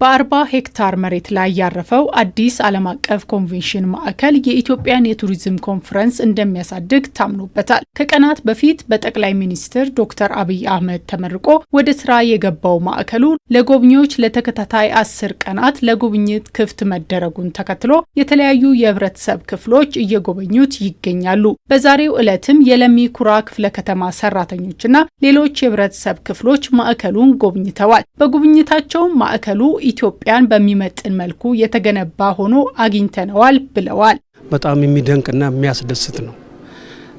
በአርባ ሄክታር መሬት ላይ ያረፈው አዲስ ዓለም አቀፍ ኮንቬንሽን ማዕከል የኢትዮጵያን የቱሪዝም ኮንፈረንስ እንደሚያሳድግ ታምኖበታል። ከቀናት በፊት በጠቅላይ ሚኒስትር ዶክተር አብይ አህመድ ተመርቆ ወደ ስራ የገባው ማዕከሉ ለጎብኚዎች ለተከታታይ አስር ቀናት ለጉብኝት ክፍት መደረጉን ተከትሎ የተለያዩ የህብረተሰብ ክፍሎች እየጎበኙት ይገኛሉ። በዛሬው ዕለትም የለሚ ኩራ ክፍለ ከተማ ሰራተኞችና ሌሎች የህብረተሰብ ክፍሎች ማዕከሉን ጎብኝተዋል። በጉብኝታቸውም ማዕከሉ ኢትዮጵያን በሚመጥን መልኩ የተገነባ ሆኖ አግኝተነዋል ብለዋል። በጣም የሚደንቅና የሚያስደስት ነው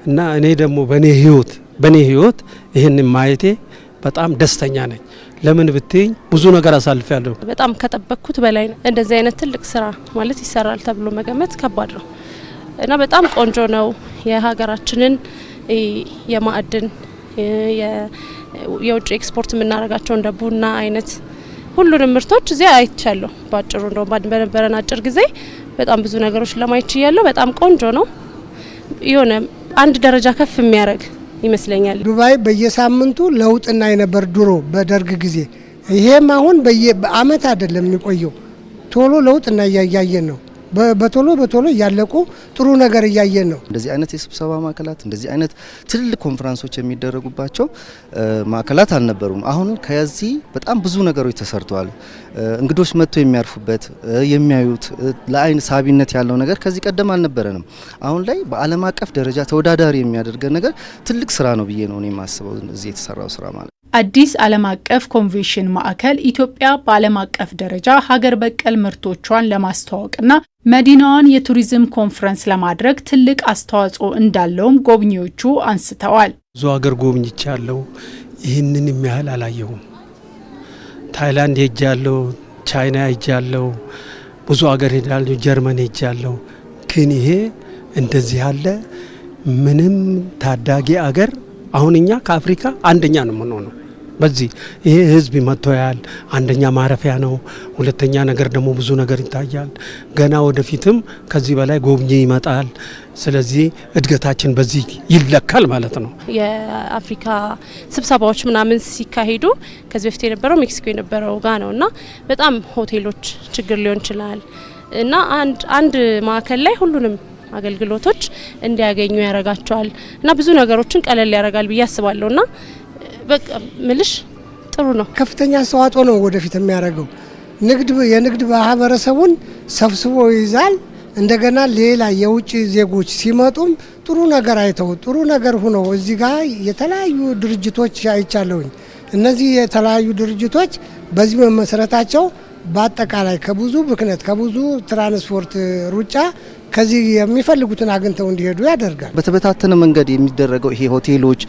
እና እኔ ደግሞ በእኔ ህይወት በእኔ ህይወት ይህን ማየቴ በጣም ደስተኛ ነኝ። ለምን ብትኝ ብዙ ነገር አሳልፊያለሁ። በጣም ከጠበቅኩት በላይ ነው። እንደዚህ አይነት ትልቅ ስራ ማለት ይሰራል ተብሎ መገመት ከባድ ነው እና በጣም ቆንጆ ነው። የሀገራችንን የማዕድን የውጭ ኤክስፖርት የምናደርጋቸው እንደ ቡና አይነት ሁሉንም ምርቶች እዚያ አይቻለሁ። በአጭሩ እንደውም በነበረን አጭር ጊዜ በጣም ብዙ ነገሮች ለማየት ችያለሁ። በጣም ቆንጆ ነው። የሆነ አንድ ደረጃ ከፍ የሚያደርግ ይመስለኛል። ዱባይ በየሳምንቱ ለውጥ እናይ ድሮ በደርግ ጊዜ። ይሄም አሁን በየ በአመት አይደለም የሚቆየው ቶሎ ለውጥ እናያያየን ነው። በቶሎ በቶሎ እያለቁ ጥሩ ነገር እያየን ነው። እንደዚህ አይነት የስብሰባ ማዕከላት እንደዚህ አይነት ትልልቅ ኮንፈረንሶች የሚደረጉባቸው ማዕከላት አልነበሩም። አሁን ከዚህ በጣም ብዙ ነገሮች ተሰርተዋል። እንግዶች መጥተው የሚያርፉበት የሚያዩት፣ ለአይን ሳቢነት ያለው ነገር ከዚህ ቀደም አልነበረንም። አሁን ላይ በዓለም አቀፍ ደረጃ ተወዳዳሪ የሚያደርገን ነገር ትልቅ ስራ ነው ብዬ ነው የማስበው እዚህ የተሰራው ስራ ማለት አዲስ ዓለም አቀፍ ኮንቬንሽን ማዕከል ኢትዮጵያ በዓለም አቀፍ ደረጃ ሀገር በቀል ምርቶቿን ለማስተዋወቅና መዲናዋን የቱሪዝም ኮንፈረንስ ለማድረግ ትልቅ አስተዋጽኦ እንዳለውም ጎብኚዎቹ አንስተዋል። ብዙ ሀገር ጎብኝቻለሁ፣ ይህንን የሚያህል አላየሁም። ታይላንድ ሄጃለሁ፣ ቻይና ሄጃለሁ፣ ብዙ ሀገር ሄዳለሁ፣ ጀርመን ሄጃለሁ። ግን ይሄ እንደዚህ ያለ ምንም ታዳጊ አገር አሁን እኛ ከአፍሪካ አንደኛ ነው የምንሆነው። በዚህ ይህ ህዝብ መጥቶ ያል አንደኛ ማረፊያ ነው። ሁለተኛ ነገር ደግሞ ብዙ ነገር ይታያል። ገና ወደፊትም ከዚህ በላይ ጎብኚ ይመጣል። ስለዚህ እድገታችን በዚህ ይለካል ማለት ነው። የአፍሪካ ስብሰባዎች ምናምን ሲካሄዱ ከዚህ በፊት የነበረው ሜክሲኮ የነበረው ጋ ነው እና በጣም ሆቴሎች ችግር ሊሆን ይችላል እና አንድ አንድ ማዕከል ላይ ሁሉንም አገልግሎቶች እንዲያገኙ ያረጋቸዋል እና ብዙ ነገሮችን ቀለል ያደርጋል ብዬ አስባለሁ እና በቃ ምልሽ ጥሩ ነው። ከፍተኛ አስተዋጽኦ ነው ወደፊት የሚያደርገው ንግድ የንግድ ማህበረሰቡን ሰብስቦ ይይዛል። እንደገና ሌላ የውጭ ዜጎች ሲመጡም ጥሩ ነገር አይተው ጥሩ ነገር ሁኖ እዚህ ጋር የተለያዩ ድርጅቶች አይቻለሁኝ። እነዚህ የተለያዩ ድርጅቶች በዚህ መመሰረታቸው በአጠቃላይ ከብዙ ብክነት ከብዙ ትራንስፖርት ሩጫ ከዚህ የሚፈልጉትን አግኝተው እንዲሄዱ ያደርጋል። በተበታተነ መንገድ የሚደረገው ይሄ ሆቴሎች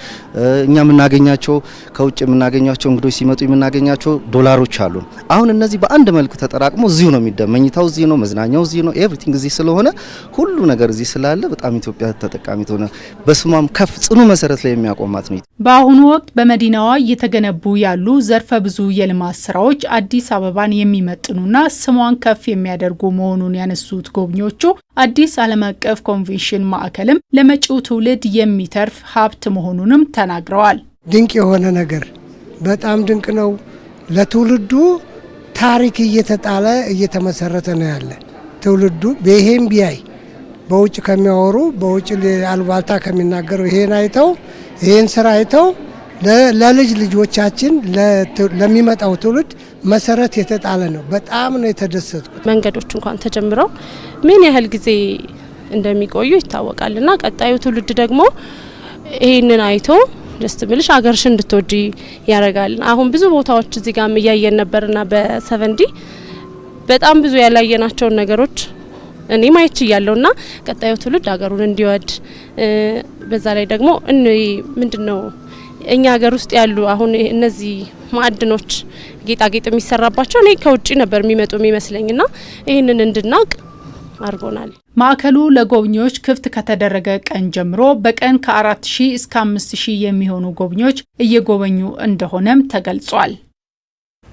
እኛ የምናገኛቸው ከውጭ የምናገኛቸው እንግዶች ሲመጡ የምናገኛቸው ዶላሮች አሉን። አሁን እነዚህ በአንድ መልኩ ተጠራቅሞ እዚሁ ነው የሚደ መኝታው እዚህ ነው፣ መዝናኛው እዚህ ነው፣ ኤቭሪቲንግ እዚህ ስለሆነ ሁሉ ነገር እዚህ ስላለ በጣም ኢትዮጵያ ተጠቃሚ ትሆነ በስሟም ከፍ ጽኑ መሰረት ላይ የሚያቆማት ነው። በአሁኑ ወቅት በመዲናዋ እየተገነቡ ያሉ ዘርፈ ብዙ የልማት ስራዎች አዲስ አበባን የሚመጥኑና ስሟን ከፍ የሚያደርጉ መሆኑን ያነሱት ጎብኚዎቹ አዲስ ዓለም አቀፍ ኮንቬንሽን ማዕከልም ለመጪው ትውልድ የሚተርፍ ሀብት መሆኑንም ተናግረዋል። ድንቅ የሆነ ነገር በጣም ድንቅ ነው ለትውልዱ ታሪክ እየተጣለ እየተመሰረተ ነው ያለ። ትውልዱ ይሄን ቢያይ በውጭ ከሚያወሩ በውጭ አልባልታ ከሚናገሩ ይሄን አይተው ይሄን ስራ አይተው ለልጅ ልጆቻችን ለሚመጣው ትውልድ መሰረት የተጣለ ነው። በጣም ነው የተደሰትኩት። መንገዶች እንኳን ተጀምረው ምን ያህል ጊዜ እንደሚቆዩ ይታወቃል እና ቀጣዩ ትውልድ ደግሞ ይህንን አይቶ ደስ ብልሽ አገርሽን እንድትወጂ ያደርጋል። አሁን ብዙ ቦታዎች እዚህ ጋር እያየን ነበርና በሰቨንዲ በጣም ብዙ ያላየናቸውን ነገሮች እኔ ማየች እያለውና ቀጣዩ ትውልድ ሀገሩን እንዲወድ በዛ ላይ ደግሞ እኔ ምንድን ነው እኛ ሀገር ውስጥ ያሉ አሁን እነዚህ ማዕድኖች ጌጣጌጥ የሚሰራባቸው እኔ ከውጭ ነበር የሚመጡ የሚመስለኝና ይህንን እንድናውቅ አድርጎናል። ማዕከሉ ለጎብኚዎች ክፍት ከተደረገ ቀን ጀምሮ በቀን ከ4 ሺህ እስከ 5 ሺህ የሚሆኑ ጎብኚዎች እየጎበኙ እንደሆነም ተገልጿል።